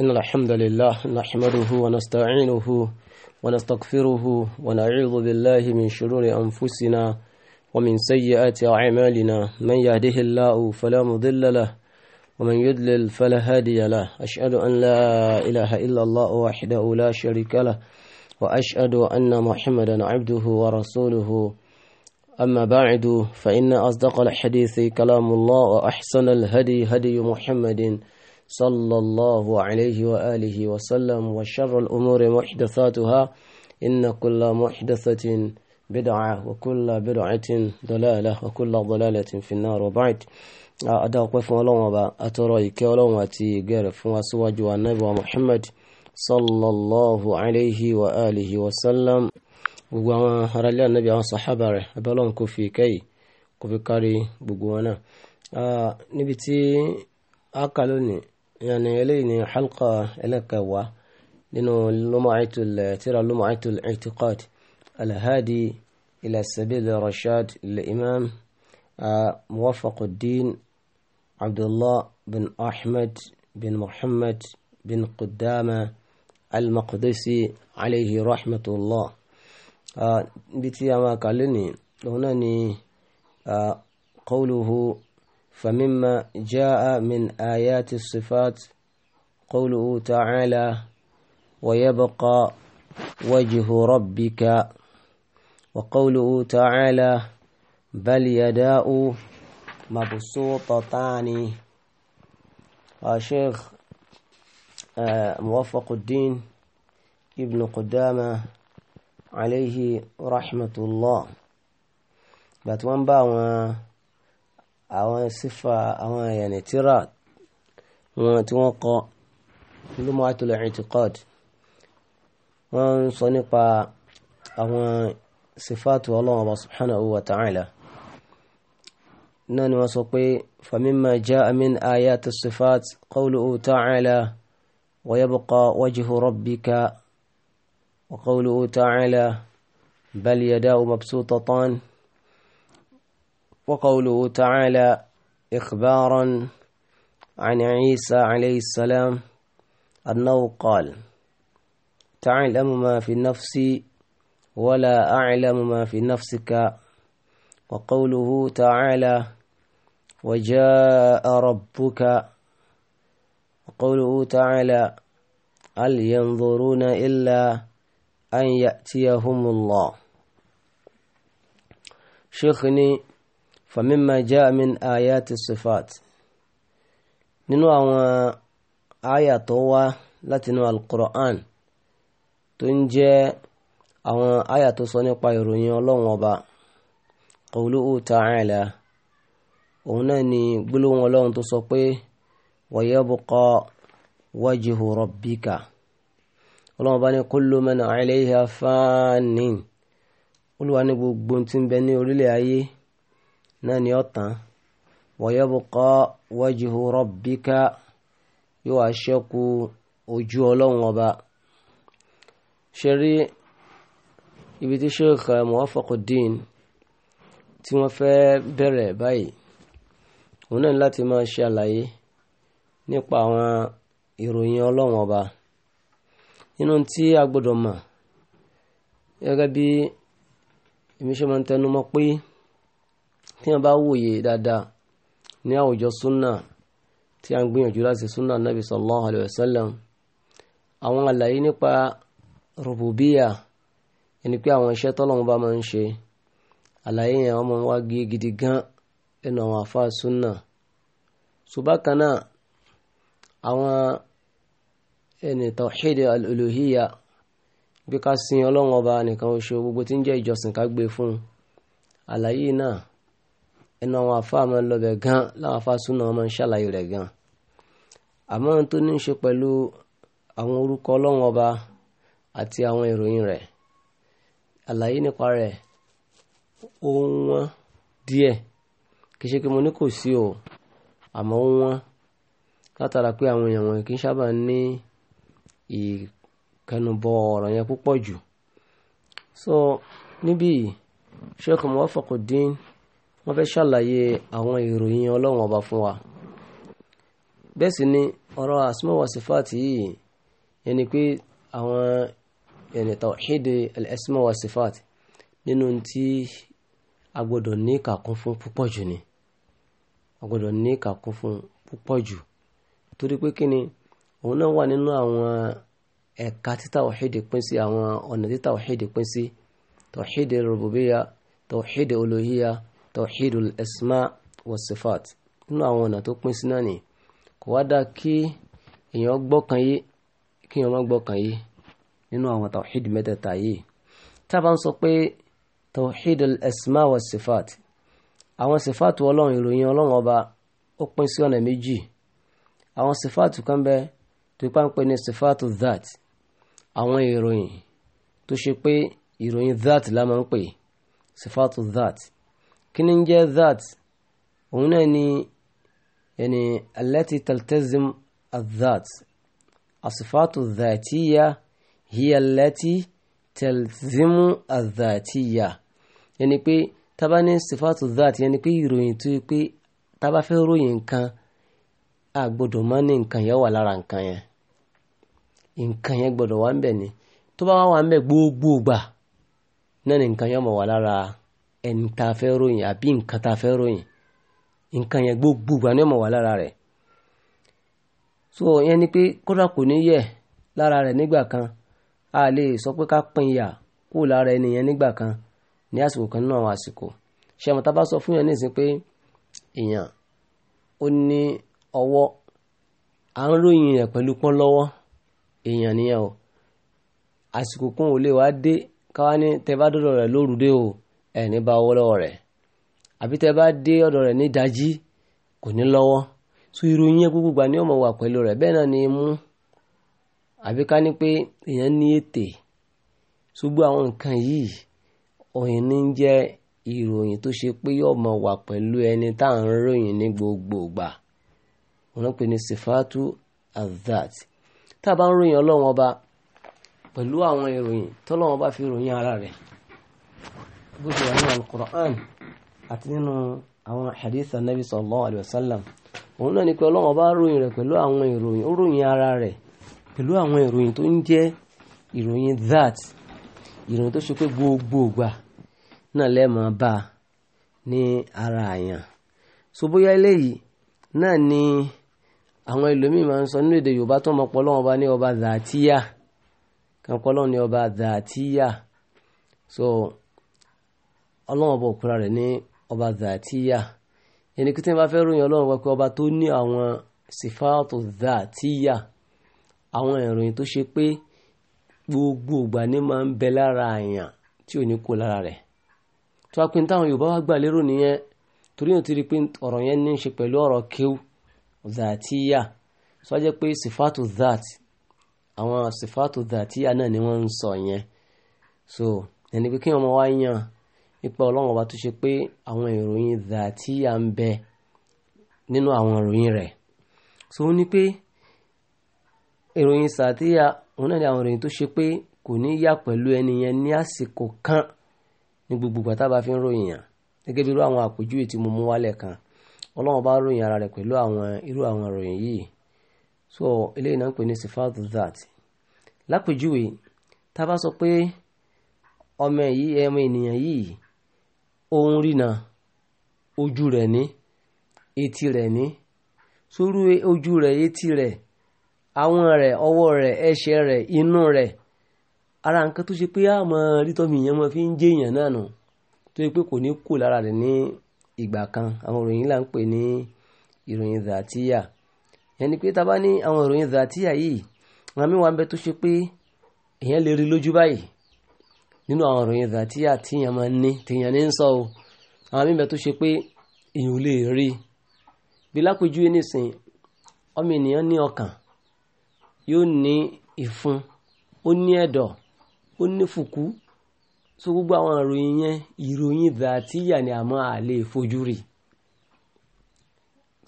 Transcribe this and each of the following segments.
إن الحمد لله نحمده ونستعينه ونستغفره ونعوذ بالله من شرور أنفسنا ومن سيئات أعمالنا من يهده الله فلا مضل له ومن يضلل فلا هادي له أشهد أن لا إله إلا الله وحده لا شريك له وأشهد أن محمدا عبده ورسوله أما بعد فإن أصدق الحديث كلام الله وأحسن الهدي هدي محمد صلى الله عليه وآله وسلم وشر الأمور محدثاتها إن كل محدثة بدعة وكل بدعة ضلالة وكل ضلالة في النار وبعد أدعو فون الله وبا أترى إكي الله واتي غير فون سواجه النبي محمد صلى الله عليه وآله وسلم gbogbo àwọn ará ilé ànábì àwọn sàhábà rẹ̀ abẹ́lọ́n kò fi kẹ́yì يعني إليني حلقة إليك و لأنه لمعية ترى لمعية الاعتقاد الهادي إلى سبيل الرشاد للإمام آه، موفق الدين عبد الله بن أحمد بن محمد بن قدامة المقدسي عليه رحمة الله آه، بتيما قالني هناني آه، قوله فمما جاء من آيات الصفات قوله تعالى ويبقى وجه ربك وقوله تعالى بل يداء مبسوطتان الشيخ موفق الدين ابن قدامة عليه رحمة الله باتوان باوان àwọn sífà àwọn yẹnì tíra wọn tí wọ́n kọ́ Lumatul I'tiqad wọ́n ń sọ nípa àwọn sífàtù ọlọ́run ọba subhanahu wa ta'ala náà ni wọ́n sọ pé famimma ja'a min ayati sifat qawluhu ta'ala wa yabqa wajhu rabbika wa qawluhu ta'ala bal yadahu mabsutatan. وقوله تعالى إخبارا عن عيسى عليه السلام أنه قال تعلم ما في نفسي ولا أعلم ما في نفسك وقوله تعالى وجاء ربك وقوله تعالى هل ينظرون إلا أن يأتيهم الله شيخني famima jaa min ayati sifat nínú àwọn àyà tó wá látinú alqur'an tó ń jẹ́ àwọn àyà tó sọ nípa ìròyìn ọlọ́run ọba qawluhu ta'ala òun náà ni gbólóhùn ọlọ́run tó sọ pé wa yabqa wajhu rabbika ọlọ́run ní kullu man alayha fanin olúwa ní gbogbo tí ń bẹ ní orílẹ̀ ayé náà ni ọ̀tàn wọ̀yẹ́bùkọ́ wájú rọ́bíkà yóò aṣẹ́kù ojú ọlọ́run ọba ṣe rí ibi tí sheikh muwafaquddin tí wọ́n fẹ́ bẹ̀rẹ̀ báyìí òun náà láti máa ṣe àlàyé nípa àwọn ìròyìn ọlọ́run ọba nínú tí a gbọ́dọ̀ mọ̀ gẹ́gẹ́ bí èmi máa ń tẹnu pé tí wọ́n bá wòye dáadáa ní àwùjọ súnà tí a ń gbìyànjú láti súnà nàbì sallallahu alayhi wa sallam àwọn àlàyé nípa rùbùbíyà ẹni pé àwọn iṣẹ́ tọ́lọ́run bá máa ń ṣe àlàyé yẹn wọ́n máa ń wá gé gidi gan ẹnu àwọn àfáà súnà ṣùgbọ́n náà àwọn ẹni tawhid al-uluhiyya ká sin ọlọ́run ọba nìkan oṣù gbogbo tí ń jẹ́ ìjọsìn ká gbé fún àlàyé náà ẹnu àwọn àfáà máa ń lọbẹ̀ gan láwọn àfáà súnà wọn máa ń ṣàlàyé rẹ̀ gan àmọ́ tó ní í ṣe pẹ̀lú àwọn orúkọ ọlọ́run ọba àti àwọn ìròyìn rẹ̀ àlàyé nípa rẹ̀ ó wọ́n díẹ̀ kì í ṣe pé mo ní kò sí o àmọ́ ó wọ́n látara pé àwọn èèyàn wọ̀nyí kì í sábà ní ìkẹnubọ ọ̀rọ̀ yẹn púpọ̀ jù so níbí Sheikh Muwafaquddin wọ́n fẹ́ ṣàlàyé àwọn ìròyìn ọlọ́run ọba fún wa bẹ́ẹ̀ sì ni ọ̀rọ̀ asma wa sifati yìí yẹni pé àwọn yẹni tawhidi al-asma wa sifati nínú tí a gbọ́dọ̀ ní kàkún fún púpọ̀ jù ni a gbọ́dọ̀ ní kàkún fún púpọ̀ jù torí pé kí ni òun náà wà nínú àwọn ẹ̀ka tí tawhidi pín sí àwọn ọ̀nà tí tawhidi pín sí tawhidi rububiya tawhidi olohiya tawhidul asma wa sifat nínú àwọn ọ̀nà tó pín sí náà ni kò wá dáa kí èèyàn gbọ́kàn yé kí èèyàn má gbọ́kàn yé nínú àwọn tawhid mẹ́tẹ̀ẹ̀ta yìí tá a bá ń sọ pé tawhidul asma wa sifat àwọn sifaatu ọlọ́run ìròyìn ọlọ́run ọba ó pín sí ọ̀nà méjì àwọn sifaatu kan bẹ tó ipá ń pè ní sifaatu that àwọn ìròyìn tó ṣe pé ìròyìn that la máa ń pè sifaatu that kí ni ń jẹ́ that òun náà ni yani allati taltazim al-that asifatu dhatiya hiya allati taltazimu al-dhatiya yani pé tábà ní sifatu that yani pé ìròyìn tó yẹ pé tábà fẹ́ ròyìn nǹkan a gbọ́dọ̀ máa ní nǹkan yẹn wà lára nǹkan yẹn nǹkan yẹn gbọ́dọ̀ wà ń bẹ̀ ni tó bá wà ń bẹ̀ gbogbo gbà náà ní nǹkan yẹn mọ̀ wà lára nǹkan ẹni tá a fẹ́ ròyìn àbí nǹkan tá a fẹ́ ròyìn nǹkan yẹn gbogbo ìgbà ni ó máa wà lára rẹ̀ so yẹn ni pé kódà kò ní yẹ lára rẹ̀ nígbà kan a lè sọ pé ká pín ìyà kó lára ẹnìyẹn nígbà kan ní àsìkò kan nínú àwọn àsìkò ṣé mo ta bá sọ fún yẹn nísìnyí pé èèyàn ó ní ọwọ́ à ń ròyìn rẹ̀ pẹ̀lú pọ́n lọ́wọ́ èèyàn nìyẹn o àsìkò kan ò lè wá dé káwá ní tẹ bá dọ̀dọ̀ rẹ̀ lóru o ẹ̀ ní bá owó lọ́wọ́ rẹ̀ àbí tẹ́ bá dé ọ̀dọ̀ rẹ̀ ní ìdájí kò ní lọ́wọ́ so ìròyìn yẹn gbogbo gbà ní ọmọ wà pẹ̀lú rẹ̀ bẹ́ẹ̀ náà ni mú àbí ká ní pé èèyàn ní ètè ṣùgbọ́n àwọn nǹkan yìí ọ̀yìn ní jẹ́ ìròyìn tó ṣe pé yóò mọ wà pẹ̀lú ẹni tá à ń ròyìn ní gbogbo wọn pè ní sifatu azat tá a bá ń ròyìn ọlọ́run ọba pẹ̀lú àwọn ìròyìn tọ́lọ́run ọba fi ròyìn ara rẹ̀ bó ṣe wà nínú alukur'an àti nínú àwọn hadith anabi sallallahu alayhi wa sallam òun náà ni pé ọlọ́run ọba ròyìn rẹ̀ pẹ̀lú àwọn ìròyìn ó ròyìn ara rẹ̀ pẹ̀lú àwọn ìròyìn tó ń jẹ́ ìròyìn that ìròyìn tó ṣe pé gbogbo ìgbà náà lẹ́ẹ̀mọ́ bá a ní ara àyàn so bóyá eléyìí náà ni àwọn ẹlòmíì máa ń sọ nínú èdè yorùbá tó mọ pọlọ́ ọba ní ọba zàtíyà kan pọlọ́ ní ọba zàtíyà so ọlọ́run ọba òkúra rẹ̀ ní ọba zàtíyà ẹni kí tí wọ́n bá fẹ́ ròyìn ọlọ́run wọ́n pé ọba tó ní àwọn sifaatu zàtíyà àwọn ìròyìn tó ṣe pé gbogbo ìgbà ní máa ń bẹ lára àyàn tí ò ní kó lára rẹ̀ tó wá pé táwọn yorùbá wá gbà lérò nìyẹn torí yóò ti rí pé ọ̀rọ̀ yẹn ní í ṣe pẹ̀lú ọ̀rọ̀ kéw zàtíyà sọ jẹ́ pé sifaatu zat àwọn sifaatu zàtíyà náà ni wọ́n ń sọ yẹn so ẹni pé kí wọ́n máa wá yan nípa ọlọ́run ọba tó ṣe pé àwọn ìròyìn dà tí a ń bẹ nínú àwọn ìròyìn rẹ̀ so ó ní pé ìròyìn sàtíyà òun náà ni àwọn ìròyìn tó ṣe pé kò ní yà pẹ̀lú ẹni yẹn ní àsìkò kan ní gbogbo ìgbà tá a bá fi ń ròyìn yàn gẹ́gẹ́ bí irú àwọn àpèjúwe tí mo mú wálẹ̀ kan ọlọ́run bá ròyìn ara rẹ̀ pẹ̀lú àwọn irú àwọn ìròyìn yìí so eléyìí náà ń pè ní sifatu that lápèjúwe tá a bá sọ pé ọmọ ènìyàn yìí ó ń rìnà ojú rẹ̀ ní etí rẹ̀ ní sórú ojú rẹ̀ etí rẹ̀ àwọn rẹ̀ ọwọ́ rẹ̀ ẹsẹ̀ rẹ̀ inú rẹ̀ ara nǹkan tó ṣe pé àmọ́ rítọ́mì yẹn mọ́ fi ń jẹ́yàn náà nù tó yẹ pé kò ní kù lára rẹ̀ ní ìgbà kan àwọn ìròyìn là ń pè ní ìròyìn zàtíyà yẹn ni pé tá a bá ní àwọn ìròyìn zàtíyà yìí àwọn mìíràn wà ń bẹ tó ṣe pé èèyàn lè rí lójú báyìí nínú àwọn ìròyìn dàtíyà tíyàn máa ní tíyàn ní ń sọ o àwọn mímẹ́ tó ṣe pé èèyàn ò lè rí bí lápèjúwe nìsín ọmọ ènìyàn ní ọkàn yóò ní ìfun ó ní ẹ̀dọ̀ ó ní fùkú so gbogbo àwọn ìròyìn yẹn ìròyìn dàtíyà ni àmọ́ àlè fojú rí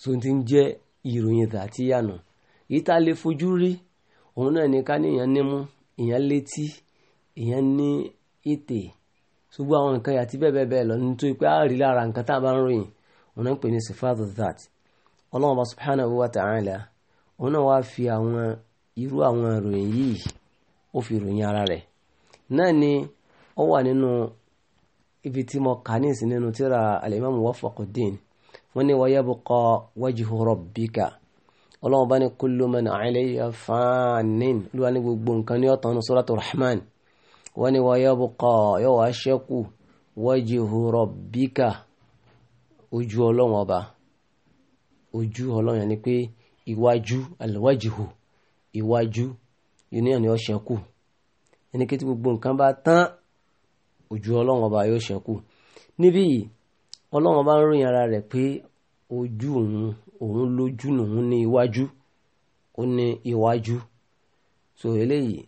so ti ń jẹ́ ìròyìn dàtíyà nù èyí tá a lè fojú rí òun náà ní ká ní èèyàn nímú létí èèyàn ní ètè ṣùgbọ́n àwọn nǹkan yàtí bẹ́ẹ̀ bẹ́ẹ̀ lọ nítorí pé a rí lára nǹkan tá a bá ń ròyìn wọn náà ń pè ní sifatu that ọlọ́run bá subhanahu wa ta'ala òun náà wáá fi àwọn irú àwọn ìròyìn yìí ó fi ròyìn ara rẹ̀ náà ni ó wà nínú ibi tí mo kà ní ìsìn nínú tíra al-imam Wafaquddin wọ́n ní wa yabqa wajhu rabbika ọlọ́run bá ní kullu man alayha fanin ló ní gbogbo nǹkan ní ọ̀tàn ní suratu rahman wọ́n ní wọ́n yabqa yóò wá ṣẹ́kù wajhu rabbika ojú ọlọ́run ọba ojú ọlọ́run yẹn ni pé iwájú alwajhu iwájú union ni ó ṣẹ́kù ẹni kí tí gbogbo nǹkan bá tán ojú ọlọ́run ọba yóò ṣẹ́kù níbí yìí ọlọ́run ọba ń ròyìn ara rẹ̀ pé ojú òun òun lójú òun ní iwájú ó ní iwájú so eléyìí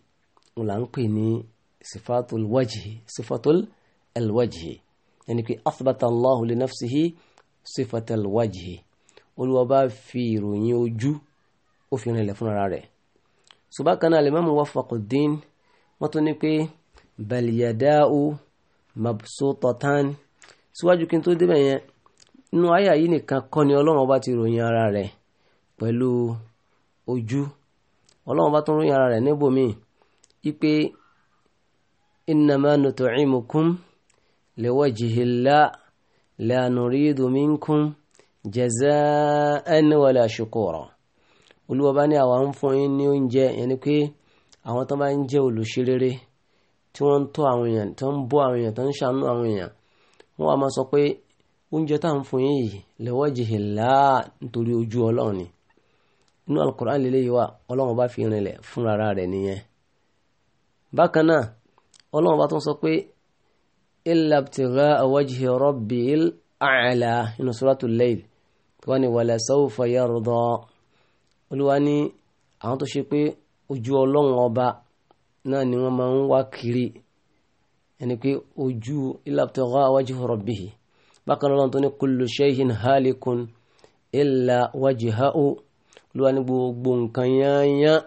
òun là ń pè ní sifatul wajhi sifatul alwajhi ẹni pé athbata allahu li nafsihi sifatul wajhi olúwa bá fi ìròyìn ojú ó fi rinlẹ̀ fúnra rẹ̀ ṣùgbọ́n kan náà al-imam wafaquddin wọ́n tún ní pé bal yada'u mabsutatan síwájú kí n tó débẹ̀ yẹn nínú àyà yìí nìkan ni ọlọ́run ọba ti ròyìn ara rẹ̀ pẹ̀lú ojú ọlọ́run ọba tún ròyìn ara rẹ̀ níbòmíì ipe إنما نطعمكم لوجه الله لا نريد منكم جزاء ولا شكورا Olúwa bá ní àwa ń fún yín ní oúnjẹ yẹn ni pé àwọn tó bá ń jẹ́ olùṣerere tí wọ́n ń tọ́ àwọn èèyàn tó ń bọ́ àwọn èèyàn tó ń ṣàánú àwọn èèyàn wọ́n wá máa sọ pé oúnjẹ tá à ń fún yín yìí lẹ́wọ́ jìhì láà nítorí ojú ọlọ́run ni inú alukur'an lélẹ́yìí wà ọlọ́run bá fi rinlẹ̀ fúnra rẹ̀ nìyẹn bákan náà ọlọ́run bá tó ń sọ pé illa ibtigha'a wajhi rabbil a'la inú suratul layl tó wá ní wala sawfa yarda olúwa ní àwọn tó ṣe pé ojú ọlọ́run ọba náà ni wọ́n máa ń wá kiri ẹni pé ojú illa ibtigha'a wajhi rabbihi bákan náà tó ní kullu shay'in halikun illa wajhahu olúwa ní gbogbo nǹkan yányán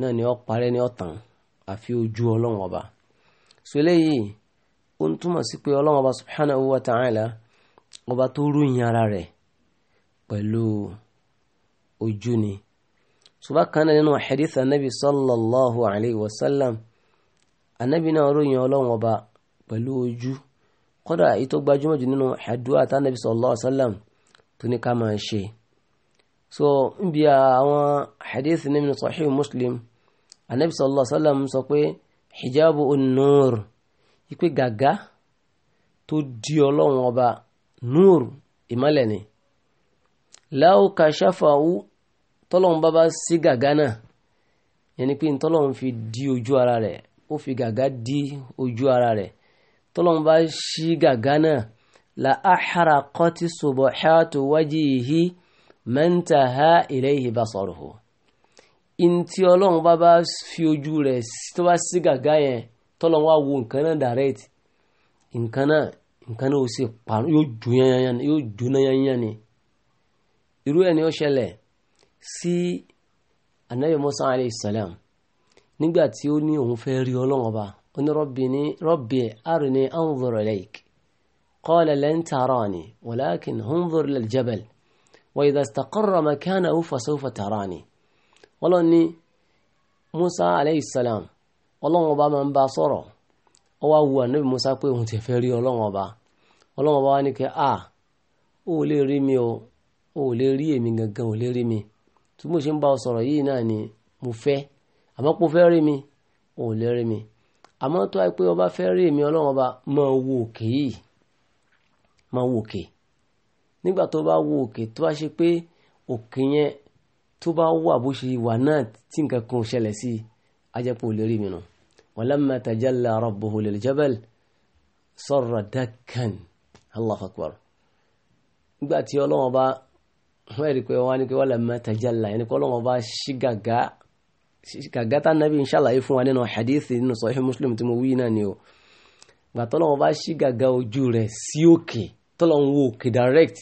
náà ni ó parẹ́ ní ọ̀tàn àfi ojú ọlọ́run ọba so eléyìí ó ń túmọ̀ sí pé ọlọ́run ọba subhanahu wa ta'ala ọba tó ròyìn ara rẹ̀ pẹ̀lú ojú ni ṣùgbọ́n kan náà nínú hadith anabi sallallahu alayhi wa sallam anabi náà ròyìn ọlọ́run ọba pẹ̀lú ojú kódà èyí tó gbajúmọ̀ jù nínú àdúrà tá anabi sallallahu alayhi wa sallam tó ní ká máa ṣe so níbi àwọn hadith nínú sahih muslim anabi sallallahu alayhi wa sallam sọ pé hijabu onur ipe gàgá tó di ọlọ́run ọba nur ìmọ́lẹ̀ ni láwù kàṣáfàwù tọ́lọ́run bá bá sí gàgá náà yẹni pé tọ́lọ́run fi di ojú ara rẹ̀ ó fi gàgá di ojú ara rẹ̀ tọ́lọ́run bá sí gàgá náà la ahara kọ́tí subuhatu wajihi man taha ilayhi basaruhu ntí ọlọ́run bá bá fi ojú rẹ̀ tó bá sí gàgá yẹn tọ́lọ́run wá wo nǹkan náà direct nǹkan náà nǹkan náà ó sì parun yóò jó yanyan yóò jóná yanyan ni irú ẹ̀ ni ó ṣẹlẹ̀ sí anabi musa alayhi salam nígbà tí ó ní òun fẹ́ rí ọlọ́run ọba ó ní rọ́bì ní rọ́bì arini anzur ilayk qala lan tarani walakin anzur lil jabal wa idha istaqarra makanahu fasawfa tarani wọ́n lọ ní Musa alayhi salam ọlọ́run ọba máa ń bá sọ̀rọ̀ ó wá wu ànábì Musa pé òun ti fẹ́ rí ọlọ́run ọba ọlọ́run ọba wá ní kẹ́ a ò lè rí mi o ò lè rí èmi gangan ò lè rí mi tí mo ṣe ń bá ọ sọ̀rọ̀ yìí náà ni mo fẹ́ àmọ́ pé o fẹ́ rí mi ò lè rí mi àmọ́ tó wáyé pé ọba fẹ́ rí èmi ọlọ́run ọba máa wo òkè yìí máa wo òkè nígbà tó bá wo òkè tó wá ṣe pé òkè yẹn tó bá wà bó ṣe wà náà tí nǹkan kan ṣẹlẹ̀ sí ajẹ́pọ̀ lérí mi nù walamma tajalla rabbuhu lil jabal sarra dakkan Allahu akbar nígbà tí ọlọ́wọ́n bá wọ́n ẹ̀rí pé wọ́n á ní pé walamma tajalla ẹni pé ọlọ́wọ́n bá ṣí gàgá ṣàlàyé fún wa nínú hadithi nínú sahih muslim tí mo wí náà ni o gbà tọ́lọ́wọ́n bá ṣí ojú rẹ̀ sí òkè tọ́lọ́wọ́n wo òkè direct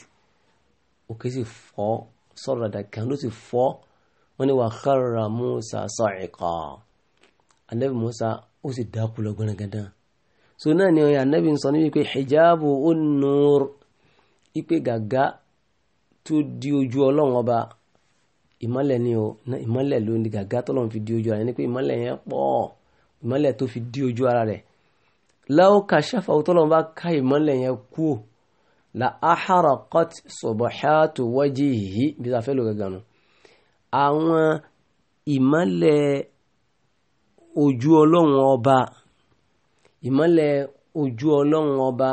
òkè sì fọ́ sọ̀rọ̀dà kan ló sì fọ́ wọ́n ní wà kharra Musa sa'iqa anabi Musa ó sì dákú lọ gbọ́nàgàdàn so náà ni anabi ń sọ níbi pé hijabu un-nur ipe gàgá tó di ojú ọlọ́run ọba ìmọ́lẹ̀ ni o ìmọ́lẹ̀ ló ní gàgá tọ́lọ́run fi di ojú ara rẹ̀ ni pé ìmọ́lẹ̀ yẹn pọ̀ ìmọ́lẹ̀ tó fi di ojú ara rẹ̀ láwọ́ kà ṣàfàwọ́ tọ́lọ́run bá ká ìmọ́lẹ̀ yẹn kúò la aharaqat subhatu wajihi bí a fẹ́ lò gàgànù àwọn ìmọ́lẹ̀ ojú ọlọ́run ọba ìmọ́lẹ̀ ojú ọlọ́run ọba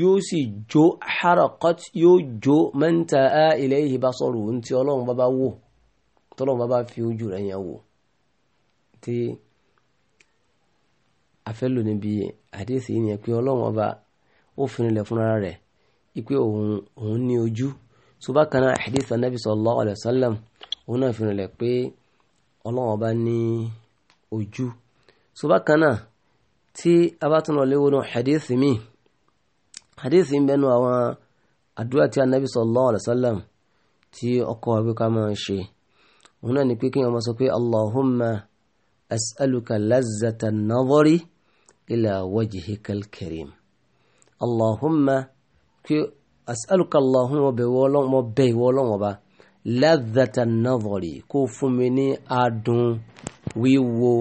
yóò sì jó haraqat yóò jó mẹ́ta á ilẹ̀ yìí bá sọ̀rọ̀ ohun tí ọlọ́run bàbá wò tọ́lọ́run bàbá fi ojú rẹ̀ yẹn wò tí a fẹ́ níbi àdéhìí yẹn pé ọlọ́run ọba ó fi nílẹ̀ fúnra rẹ̀ ipe òun òun ní ojú tó bá kan náà hadith anabi sallallahu alayhi wa sallam òun náà fi rìnlẹ̀ pé ọlọ́run ọba ní ojú tó bá kan náà tí a bá tún lọ léwu náà hadith mi hadith ń bẹnu àwọn àdúrà tí anabi sallallahu alayhi wa sallam tí ọkọ wa bí ká ṣe òun náà ni pé kí ọmọ sọ pé allahumma as'aluka lazzata nadhari ila wajhikal karim allahumma pé as'aluka Allahumma mo bẹ̀ ìwọ ọlọ́run ọba ladhata nadhari kó fún mi ní adùn wíwo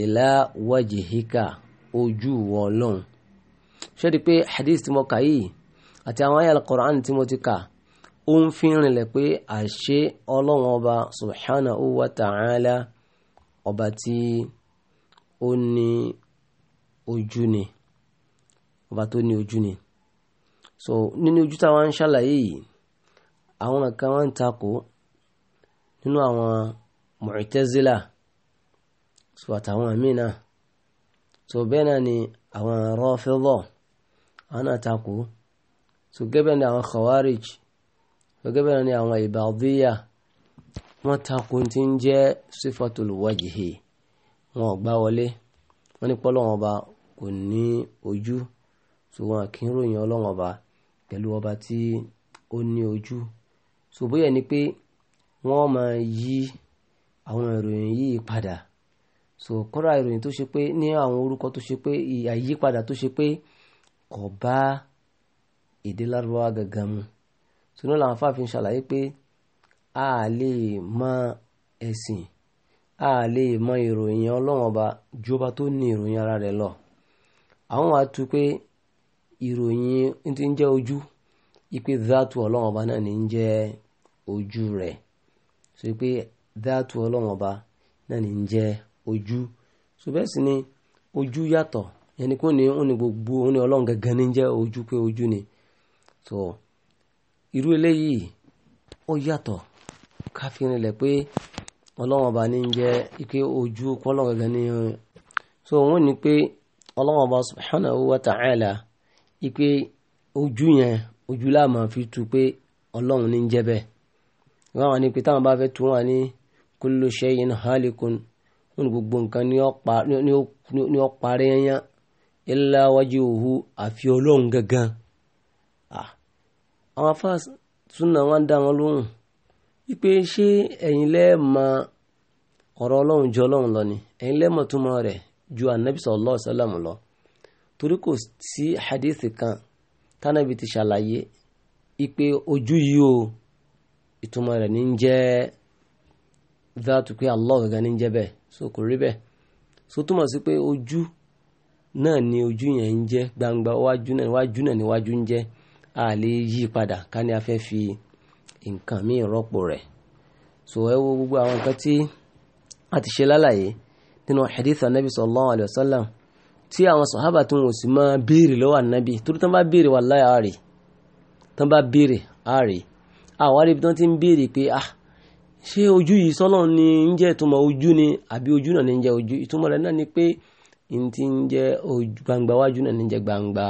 ila wajhika ojú ìwọ ọlọ́run ṣẹ́ni pé hadith tí mo kà yìí àti àwọn ayé quran tí mo ti kà ó ń fi rinlẹ̀ pé àṣẹ ọlọ́run ọba subhanahu wa ta'ala ọba tí ó ní ojú ni ọba tó ní ojú ni so nínú ojú táwa ń ṣàlàyé yìí àwọn kan wọ́n ń takò nínú àwọn Mu'tazila so àtàwọn míì náà so bẹ́ẹ̀ náà ni àwọn Rafida àwọn náà takò so gẹ́gẹ́ ni àwọn Khawarij so gẹ́gẹ́ náà ni àwọn Ibadiyya wọ́n takò tí ń jẹ́ sifatul wọn ò gbá wọlé wọ́n ní pé Ọba kò ní ojú so wọn kì í ròyìn Ọlọ́hun Ọba pẹ̀lú ọba tí ó ní ojú so bóyá ni pé wọ́n máa yí àwọn ìròyìn yìí padà so kọ́ra ìròyìn tó ṣe pé ní àwọn orúkọ tó ṣe pé àyípadà tó ṣe pé kò bá èdè lárúbáwá gangan mu so náà làwọn afáàfin ṣàlàyé pé a lè mọ ẹ̀sìn a lè mọ ìròyìn ọlọ́wọ́n ọba ju tó ní ìròyìn ara rẹ̀ lọ àwọn wàá tu pé ìròyìn tí nje jẹ́ ojú ipe dátù ọlọ́run ọba náà ní ń jẹ́ ojú rẹ̀ so pé dátù ọlọ́run ọba náà ní ń jẹ́ ojú so bẹ́ẹ̀ sì ni ojú yàtọ̀ yẹn ni kò ní ni gbogbo òun ni ọlọ́run gangan ní ń jẹ́ ojú pé ojú ni so irú eléyìí ó yàtọ̀ pé ọba ní ń jẹ́ ike ojú ọlọ́run ní so ní pé ọlọ́run ọba subhanahu ipe ojú yẹn ojú láàmà fi tu pé ọlọ́run ní ń jẹ́ bẹ́ẹ̀ wọ́n wà ní pé táwọn bá fẹ́ tu wọn ní kullu shay'in halikun wọn ní gbogbo nǹkan ní ó parí yẹn illa wajhuhu àfi ọlọ́run gangan àwọn afá súnà wọn dá wọn lóhùn wípé ṣé ẹ̀yin lẹ́ẹ̀mọ ọ̀rọ̀ ọlọ́run ju ọlọ́run lọ ni ẹ̀yin lẹ́ẹ̀mọ túmọ̀ rẹ̀ ju ànábì sallallahu alaihi wasallam lọ torí kò sí hadithi kan tánàbí ti ṣàlàyé ipe ojú yìí o ìtumọ̀ rẹ̀ ní ń jẹ́ dáàtú Allah gangan ní ń jẹ́ bẹ́ẹ̀ so kò rí bẹ́ẹ̀ so túmọ̀ sí pé ojú náà ni ojú yẹn ń jẹ́ gbangba wájú náà wájú náà ni wájú ń jẹ́ a lè yí padà ká ní a fẹ́ fi nǹkan míì rọ́pò rẹ̀ so ẹ wo gbogbo àwọn nǹkan tí a ti ṣe lálàyé nínú hadith anabi sallallahu alayhi wa sallam tí àwọn sọ̀hábà tó wọ́n sì máa béèrè lọ́wọ́ ànábì torí tán bá béèrè wà láyà rè tán bá béèrè àrè àwọn àrèbí tán ti ń béèrè pé ah ṣé ojú yìí sọ́nà ni ń jẹ́ ìtumọ̀ ojú ni àbí ojú náà ni ń jẹ́ ojú ìtumọ̀ rẹ̀ náà ni pé n ti ń jẹ́ gbangba iwájú náà ni ń jẹ́ gbangba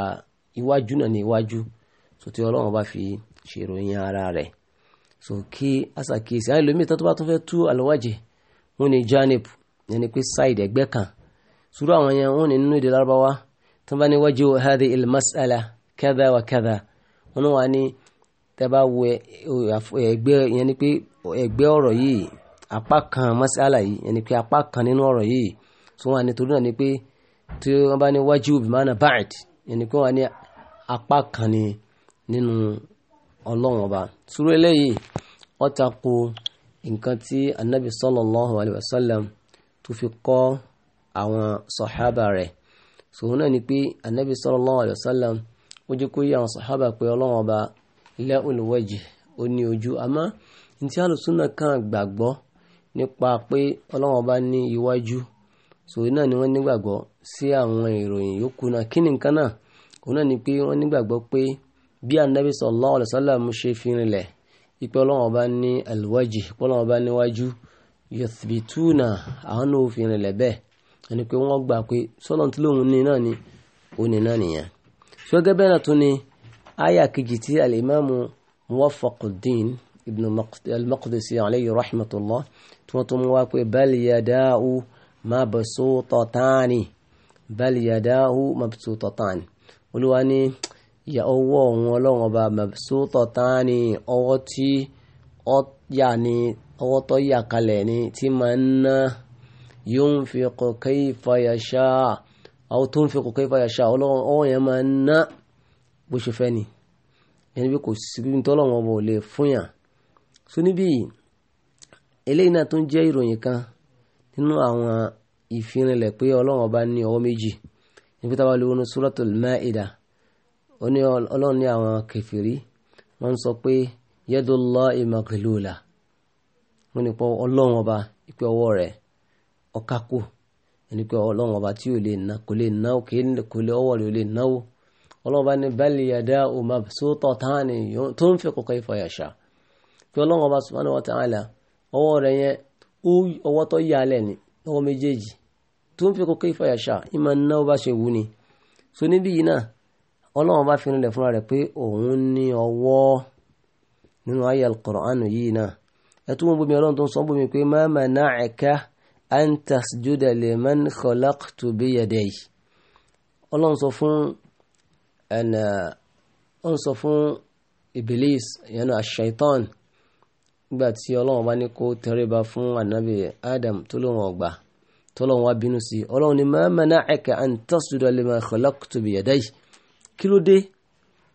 iwájú náà ni iwájú tó ti ọlọ́run bá fi ṣèròyìn ara rẹ̀ so kí asàkíyèsí àìlómi tó bá tún fẹ́ tú àlọ́wájẹ wọn ni janib ẹni pé side ẹgbẹ́ kan sùúrù àwọn yẹn wọn ní nínú èdè lárúbáwá tó bá ní wájú hadi ilmasala kada wa kada wọn wà ní tẹ́bá wo ẹgbẹ́ yẹn ni pé ẹgbẹ́ ọ̀rọ̀ yìí apá kan masala yìí yẹn ni pé apá kan nínú ọ̀rọ̀ yìí tó wà ní torí náà ni pé tí wọ́n bá ní wájú bimana ba'd yẹn ni pé wọ́n ní apá kan ni nínú ọlọ́run ọba sùúrù eléyìí wọ́n ta ko anabi sallallahu alayhi wa sallam fi kọ́ àwọn sọ̀hábà rẹ̀ sòwò náà ni pé anabi sallallahu alayhi wa sallam ó jẹ́ kó yí àwọn sọ̀hábà pé ọlọ́run ọba la'ul wajh ó ní ojú àmọ́ ntí alùsùnà kan gbàgbọ́ nípa pé ọlọ́run ọba ní iwájú sòwò náà ni wọ́n nígbàgbọ́ sí àwọn ìròyìn yòókù náà kí ni nǹkan náà òun náà ni pé wọ́n nígbàgbọ́ pé bí anabi sallallahu alayhi wa sallam ṣe fi ẹni pé wọ́n gbà pé sọ́nà tí lóun ní náà ni ó ní náà nìyẹn ṣọ́gẹ́ bẹ́ẹ̀ náà tún ni àyà kejì tí alimami muwafaquddin ibn al-maqdisi alayhi rahmatullah tí wọ́n tún mú wá pé bal yadahu mabsutatani bal yadahu mabsutatani olúwa ní ìyà ọwọ́ òun ọlọ́run ọba mabsutatani ọwọ́ tí ọ yà ní ọwọ́ tó yà kalẹ̀ ní tí máa ń ná yunfiqu kayfa yasha aw tunfiqu kayfa yasha ọlọ́wọ́n ọ̀hún yẹn máa ń ná bó ṣe fẹ́ ni ẹni bí kò sí bí tọ́lọ́wọ́n ọba ò lè fún yàn so níbí eléyìí náà tó ń jẹ́ ìròyìn kan nínú àwọn ìfinrinlẹ̀ pé ọlọ́wọ́n ọba ní ọwọ́ méjì níbi táwa lè wọnú suratul Maida ó ní ọlọ́run ní àwọn kẹfìrí wọ́n ń sọ pé yadullahi maglula wọ́n ní pọ́ ọlọ́run ọba ìpè ọwọ́ rẹ̀ ọkàkù ẹni pé ọlọ́run ọba tí ò lè ná kò lè ná òkè kò lè ọwọ́ rẹ̀ ò lè náwó ọlọ́run ọba ní bal yadahu mabsutatani yunfiqu kayfa yasha pé ọlọ́run ọba subhanahu wa ta'ala ọwọ́ rẹ̀ yẹn ọwọ́ tó yà á lẹ̀ ní ọwọ́ méjèèjì tunfiqu kayfa yasha ìmọ̀ náwó bá ṣe wù ni so níbí yìí náà ọlọ́run bá fi rinlẹ̀ fúnra rẹ̀ pé òun ní ọwọ́ nínú ayé al-Qur'an yìí náà ẹ̀ tún mú bómi ọlọ́run tó ń sọ bómi pé ma mana'aka an tasjuda liman khalaqtu biyaday ọlọ́run sọ fún ẹnà ó ń sọ fún ibilis ìyẹn aṣaitan nígbà tí ọlọ́run bá ní kó tẹríba fún anabi adam tó lóun ọgbà tó lóun wá bínú sí ọlọ́run ní ma mana'aka an tasjuda liman khalaqtu biyaday kí ló dé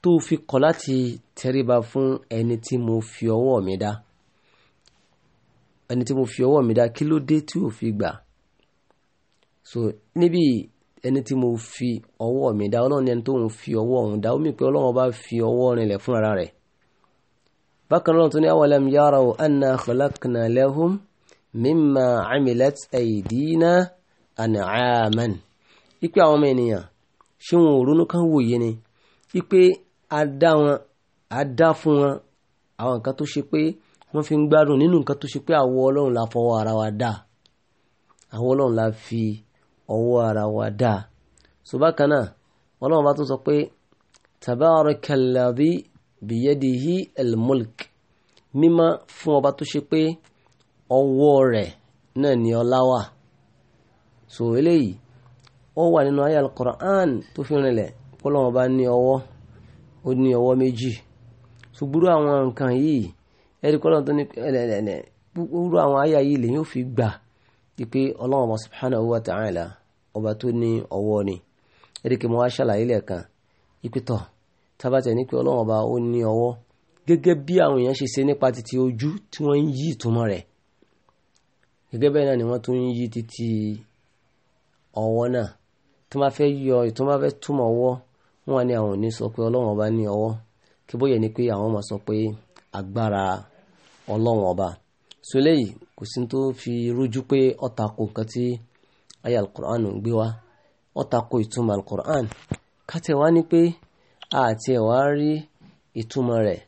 tó fi kọ̀ láti tẹríba fún ẹni tí mo fi ọwọ́ mi dá ẹni tí mo fi ọwọ́ mi dá kí ló dé tí ò fi gbà so níbi ẹni tí mo fi ọwọ́ mi dá ọlọ́run ẹni tó ń fi ọwọ́ òun dá ó mì pé ọlọ́run bá fi ọwọ́ rinlẹ̀ fún ara rẹ̀ bákan náà tó ní awalam yarau anna khalaqna lahum mimma amilat aydina an'aman ipe àwọn ọmọ ènìyàn ṣé wọn ò ronú kan wòye ni ipe a dá wọn a dá fún wọn àwọn nǹkan tó ṣe pé wọ́n fi ń gbádùn nínú nǹkan tó ṣe pé àwọ ọlọ́run la fọwọ́ ara wa dá àwọ ọlọ́run la fi ọwọ́ ara wa dá so bákan náà ọlọ́run bá tún sọ pé tabarakalladhi biyadihi almulk mímọ́ fún ọba tó ṣe pé ọwọ́ rẹ̀ náà ni ọlá wà eléyìí ó wà nínú ayé al tó fi rinlẹ̀ kọ́lọ́run bá ní ọwọ́ ó ní ọwọ́ méjì ṣùgbúrú àwọn nǹkan yìí ẹ̀rí kọ́ lọ́n tó ní ẹ̀ẹ́dẹ̀ẹ̀dẹ̀ wúrú àwọn àyà yìí lè yóò fi gbà pípé ọlọ́run ọba subhanahu wa ta'ala ọba tó ní ọwọ́ ni ẹ̀rí kí mo wá ṣàlàyé lẹ́ẹ̀kan ìpìtọ̀ tábàtẹ̀ ní pé ọlọ́run ọba ó ní ọwọ́ gẹ́gẹ́ bí àwọn èèyàn ṣe ṣe nípa títí ojú tí wọ́n ń yí ìtumọ̀ rẹ̀ gẹ́gẹ́ bẹ́ẹ̀ náà ni wọ́n tún ń yí títí ọwọ́ náà tó máa fẹ́ yọ tó máa fẹ́ túmọ̀ ọwọ́ wọn ni àwọn ò ní sọ pé ọlọ́run ọba ní ọwọ́ kí bóyá ni pé àwọn máa sọ pé agbára ọlọ́run ọba so eléyìí kò sí tó fi rújú pé ó tako nǹkan tí aya alukur'an ń gbé wá ó tako ìtumọ̀ alukur'an kátẹ́ wá ní pé àti ẹ̀ wá rí ìtumọ̀ rẹ̀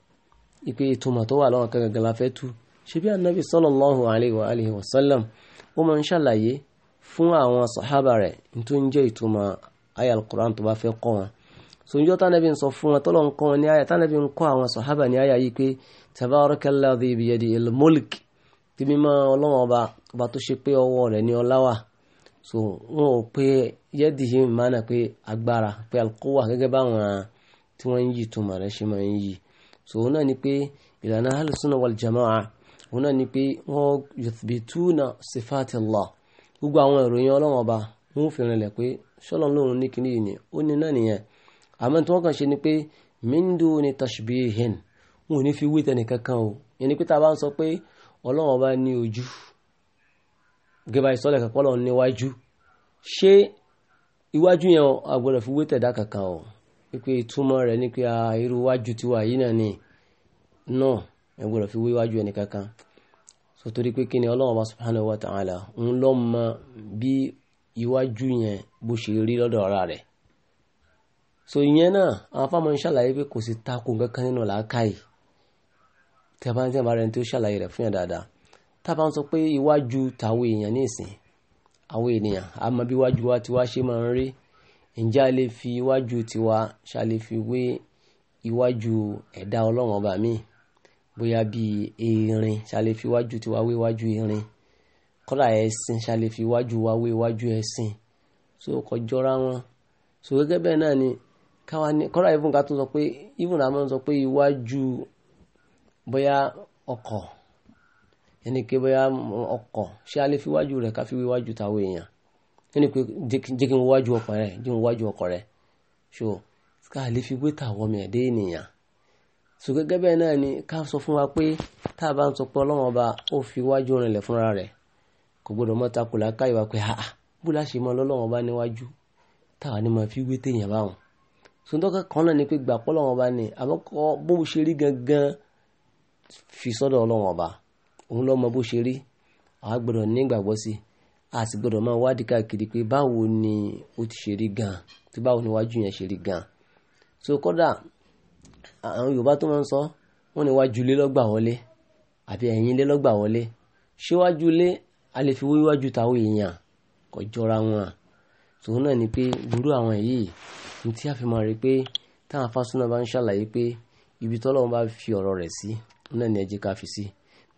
ìpè ìtumọ̀ tó wà lọ́wọ́ kankan la fẹ́ tú ṣebí anabi sallallahu alayhi wa alihi wa sallam ó máa ń ṣàlàyé fún àwọn sàhábà rẹ̀ tó ń jẹ́ ìtumọ̀ aya alukur'an tó bá fẹ́ kọ́ wọn so tánàbí ń sọ fún wọn tọ́lọ́ ń kọ́ wọn ní aya tánàbí ń kọ́ àwọn sàhábà ní aya yìí pé tabaraka alladhi biyadihi al-mulk tí mímọ́ ọlọ́wọ́n ọba ọba tó ṣe pé ọwọ́ rẹ̀ ní ọláwà so wọn ò pé yadihi mánà pé agbára pé alquwa gẹ́gẹ́ báwọn tí wọ́n ń yí ìtumọ̀ rẹ̀ ṣe máa ń yí so òun náà ni pé ìlànà ahlus-sunnah wal jamaa òun náà ni pé wọ́n yuthbituna sifati Allah gbogbo àwọn ìròyìn ọlọ́wọ́n ọba wọn ò fi rinlẹ̀ pé ṣọ́lọ́n lóun ní kinní yìí ni ó ní náà nìyẹn àmọ́ tí wọ́n kàn ṣe ni pé min duni tashbihin wọn ò ní fi wé tẹnìkankan o yẹn ni pé tá a bá ń sọ pé ọlọ́run ọba ní ojú gẹ́gẹ́ ìsọ́lẹ̀ kankan ọlọ́run níwájú ṣé iwájú yẹn a fi wé tẹ̀dá kankan o pípé ìtumọ̀ rẹ̀ ni pé irú iwájú tiwa yìí náà ni náà ẹ gbọ́dọ̀ fi wé iwájú ẹnì kankan so torí pé kí ni ọlọ́run ọba subhanahu wa ta'ala ń lọ́ mọ bí iwájú yẹn bó ṣe rí lọ́dọ̀ ara rẹ̀ so ìyẹn náà àwọn afáàmọ́ ń ṣàlàyé pé kò sí takò kankan nínú làákàyè tí a bá ń tẹ́ bára ẹni tó ṣàlàyé rẹ̀ fún yàn dáadáa tá a bá ń sọ pé iwájú tàwọn èèyàn nísìn àwọn ènìyàn a mọ bí iwájú wa tiwa ṣe máa ń rí ǹjẹ́ a lè fi iwájú tiwa ṣá lè fi wé iwájú ẹ̀dá ọlọ́run ọba mi bóyá bíi erin ṣá lè fi iwájú tiwa wé iwájú erin kọ́lá ẹ̀sìn ṣá lè fi iwájú wa wé iwájú ẹ̀sìn so kọjọ́ra wọn so gẹ́gẹ́ bẹ́ẹ̀ náà ni káwa ní kọ́lá ìfúnka tó sọ pé ìfúnka máa ń sọ pé iwájú bóyá ọkọ̀ ẹni pé bóyá ọkọ̀ ṣé a lè fi wájú rẹ̀ ká fi wí wájú táwọn èèyàn ẹni pé jẹ́ kí n wájú ọkọ̀ rẹ̀ jẹ́ n wájú ọkọ̀ rẹ̀ ṣó ká lè fi wé tàwọn ọmọ ẹ̀dẹ́ ènìyàn so gẹ́gẹ́ bẹ́ẹ̀ náà ni ká sọ fún wa pé tá a bá ń sọ pé ọlọ́wọ́n ọba ó fi wájú rinlẹ̀ fúnra rẹ̀ kò gbọdọ̀ mọ́ takò láká ìwà pé àà bó láṣẹ mọ́ ọlọ́wọ́n ọba níwájú táwa ni máa fi wé téèyàn báwọn so ń ni pé gbà pọ́lọ́wọ́n ọba ni àmọ́ bó ṣe rí gangan fi sọ́dọ̀ ọlọ́run ọba òun ló mọ bó ṣe rí àwa gbọ́dọ̀ nígbàgbọ́ sí i a sì gbọ́dọ̀ máa wádìí káàkiri pé báwo ni ó ti ṣe rí gan-an tí báwo ni wájú yẹn ṣe rí gan-an so kódà àwọn yorùbá tó máa ń sọ wọ́n ní wájú ilé lọ́gbà wọlé àbí ẹ̀yìn ilé lọ́gbà wọlé ṣéwájú ilé a lè fi wíwájú táwọn èèyàn kò jọra wọn à tòun náà ni pé burú àwọn yìí ní tí a fi máa rí pé táwọn afásúná bá ń ṣàlàyé pé ibi tọ́lọ́run bá fi ọ̀rọ̀ rẹ̀ sí náà ni ẹjẹ́ ká fi sí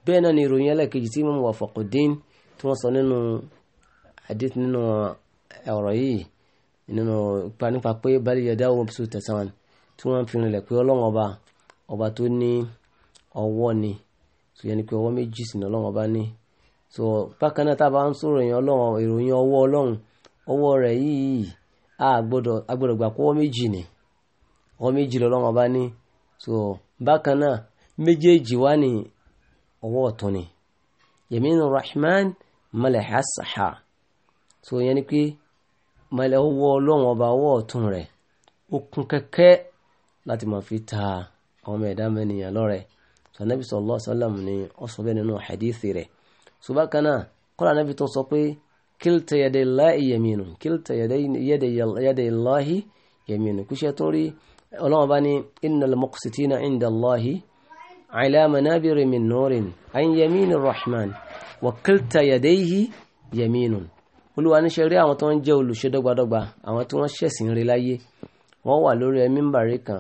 bẹ́ẹ̀ náà ni ìròyìn ẹlẹ́ẹ̀kejì tí Imam Wafaquddin tí wọ́n sọ nínú hadith nínú ọ̀rọ̀ yìí nínú ipa nípa pé bal yadahu mabsutatan tí wọ́n fi rinlẹ̀ pé ọlọ́run ọba ọba tó ní ọwọ́ ni tó yẹ ni pé ọwọ́ méjì sí ni ọlọ́run ọba ní so bákan náà tá a bá ń sọ̀rọ̀ ìyẹn ọlọ́run ìròyìn ọwọ́ ọlọ́run ọwọ́ rẹ̀ yìí a gbọ́dọ̀ gbà pé ọwọ́ méjì ni ọwọ́ méjì lọ́lọ́run ọba ní so bákan náà méjèèjì wá ní ọwọ́ ọ̀tún ni yaminu rahman malaha saha so yẹn ni pé malaha ọwọ́ ọlọ́run ọba ọwọ́ ọ̀tún rẹ̀ ó kún kẹ́kẹ́ láti máa fi ta àwọn ọmọ ẹ̀dá mẹ́niyàn lọ́rẹ̀ so anabi sallallahu alaihi wasallam ni ó sọ bẹ́ẹ̀ nínú hadithi rẹ̀ so bákan náà kọ́lá anabi tó sọ pé kílta yẹdẹ láì yẹminu kílta yẹdẹ láì yẹminu kúṣẹ́ tó rí ọlọ́run ọba ní innal muqsitina inda Allahi ala manabiri min nurin an yamin rahman wa kilta yadayhi yaminun olúwa ní ṣe rí àwọn tó ń jẹ́ olùṣe dọ́gbadọ́gba àwọn tí wọ́n ṣẹ̀sìn rí láyé wọ́n wà lórí ẹ mímbàrí kan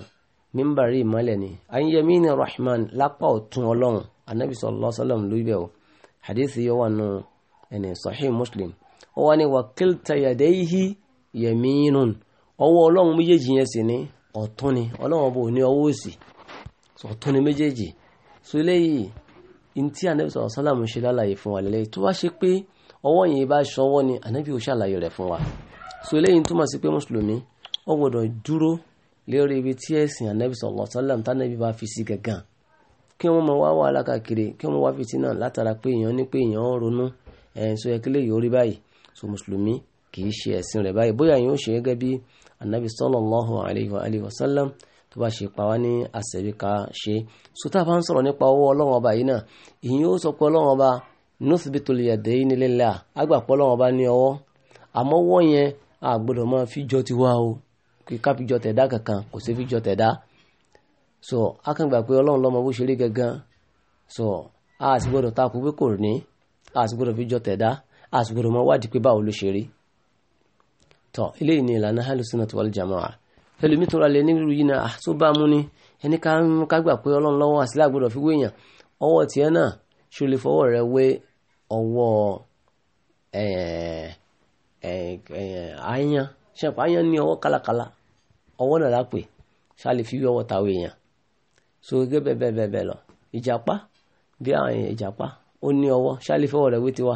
mímbàrí ìmọ́lẹ̀ ni an yamin rahman lápá ọ̀tún ọlọ́run anabi sallallahu alaihi wasallam lórí bẹ́ẹ̀ o hadithi yóò wà nù ẹni sahih muslim ó wà ní wa kilta yadayhi yaminun ọwọ́ ọlọ́run méjèèjì yẹn sì ní ọ̀tún ni ọlọ́run ọba ní ọwọ́ òsì ọ̀tọ̀ ni méjèèjì so eléyìí ntí anabi sọ̀rọ̀ sálàmù ṣe lálàyé fún wa lélẹ́yìí tó bá ṣe pé ọwọ́ yẹn bá ṣọwọ́ ni anabi ò ṣàlàyé rẹ̀ fún wa so eléyìí túmọ̀ sí pé mùsùlùmí ó gbọ́dọ̀ dúró lérí ibi tí ẹ̀sìn anabi sọ̀rọ̀ sálàmù tánabi bá fi sí gangan kí wọ́n mọ wá wàhálà káàkiri kí wọ́n wá fìtínà látara pé èèyàn ní pé èèyàn ń ronú so ẹ̀kílẹ̀ yìí ó rí báyìí so mùsùlùmí kì í ṣe ẹ̀sìn rẹ̀ báyìí bóyá yìí ó ṣe gẹ́gẹ́ bí anabi sallallahu alaihi wa alihi wa sallam tó bá ṣe pa wá ní àṣẹbí ká ṣe sọtá bá ń sọ̀rọ̀ nípa owó ọlọ́run ọba yìí náà ìyìn ó sọ pé ọlọ́run ọba nuthbitul yadayni lillah àgbà pé ọlọ́run ọba ní ọwọ́ àmọ́ ọwọ́ yẹn a máa fi jọ ti wá o kí ká fi jọ tẹ̀dá kankan kò sí fi jọ tẹ̀dá so akàngbà pé ọlọ́run lọ́mọ bó ṣe rí gangan so a sì gbọ́dọ̀ takò pé kò ní a sì gbọ́dọ̀ fi jọ tẹ̀dá a máa wádìí pé báwo ló ṣe rí tọ́ eléyìí ni ìlànà hálùsínà tí wọ́n lè jàmáà ẹlòmí tó ra lẹ nílùú yìí náà tó bá mú ni ẹni ká ń kágbà pé ọlọ́run lọ́wọ́ àti lágbọ́dọ̀ fi wéèyàn ọwọ́ tiẹ̀ náà ṣe lè fọwọ́ rẹ wé ọwọ́ ayan ṣẹ̀pọ̀ ayan ní ọwọ́ kálákálá ọwọ́ náà lápè ṣá lè fi wí ọwọ́ tàwé èèyàn so gẹ́gẹ́ bẹ́ẹ̀ bẹ́ẹ̀ bẹ́ẹ̀ lọ ìjàpá bí àwọn ìjàpá ó ní ọwọ́ ṣá lè fọwọ́ rẹ wé tiwa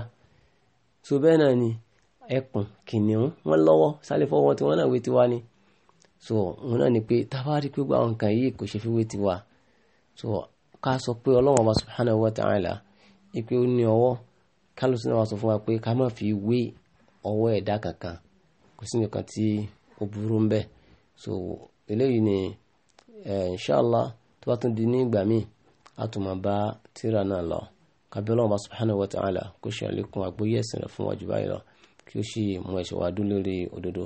so bẹ́ẹ̀ náà ni ẹkùn kìnìún wọn lọ́wọ́ ṣá lè fọwọ́ tiwọn náà wé tiwa ni so òun náà ni pé tábà rí pé àwọn nǹkan yìí kò ṣe fi wé tiwa so ká sọ pé ọlọ́wọ́n wa subhanahu wa ta'ala ipe ó ní ọwọ́ kálùsí náà wá sọ fún wa pé ká má fi wé ọwọ́ ẹ̀dá kankan kò sí nǹkan tí ó burú ń bẹ so eléyìí ni inshallah tó bá tún di ní ìgbà míì a tún máa bá tíra náà lọ kábíọ́lá ọba subhanahu wa ta'ala kó ṣe àlékún àgbóyè ẹ̀sìn rẹ̀ fún wájú báyìí lọ kí ó sì mú ẹ̀ṣẹ̀ wá dún lórí òdodo.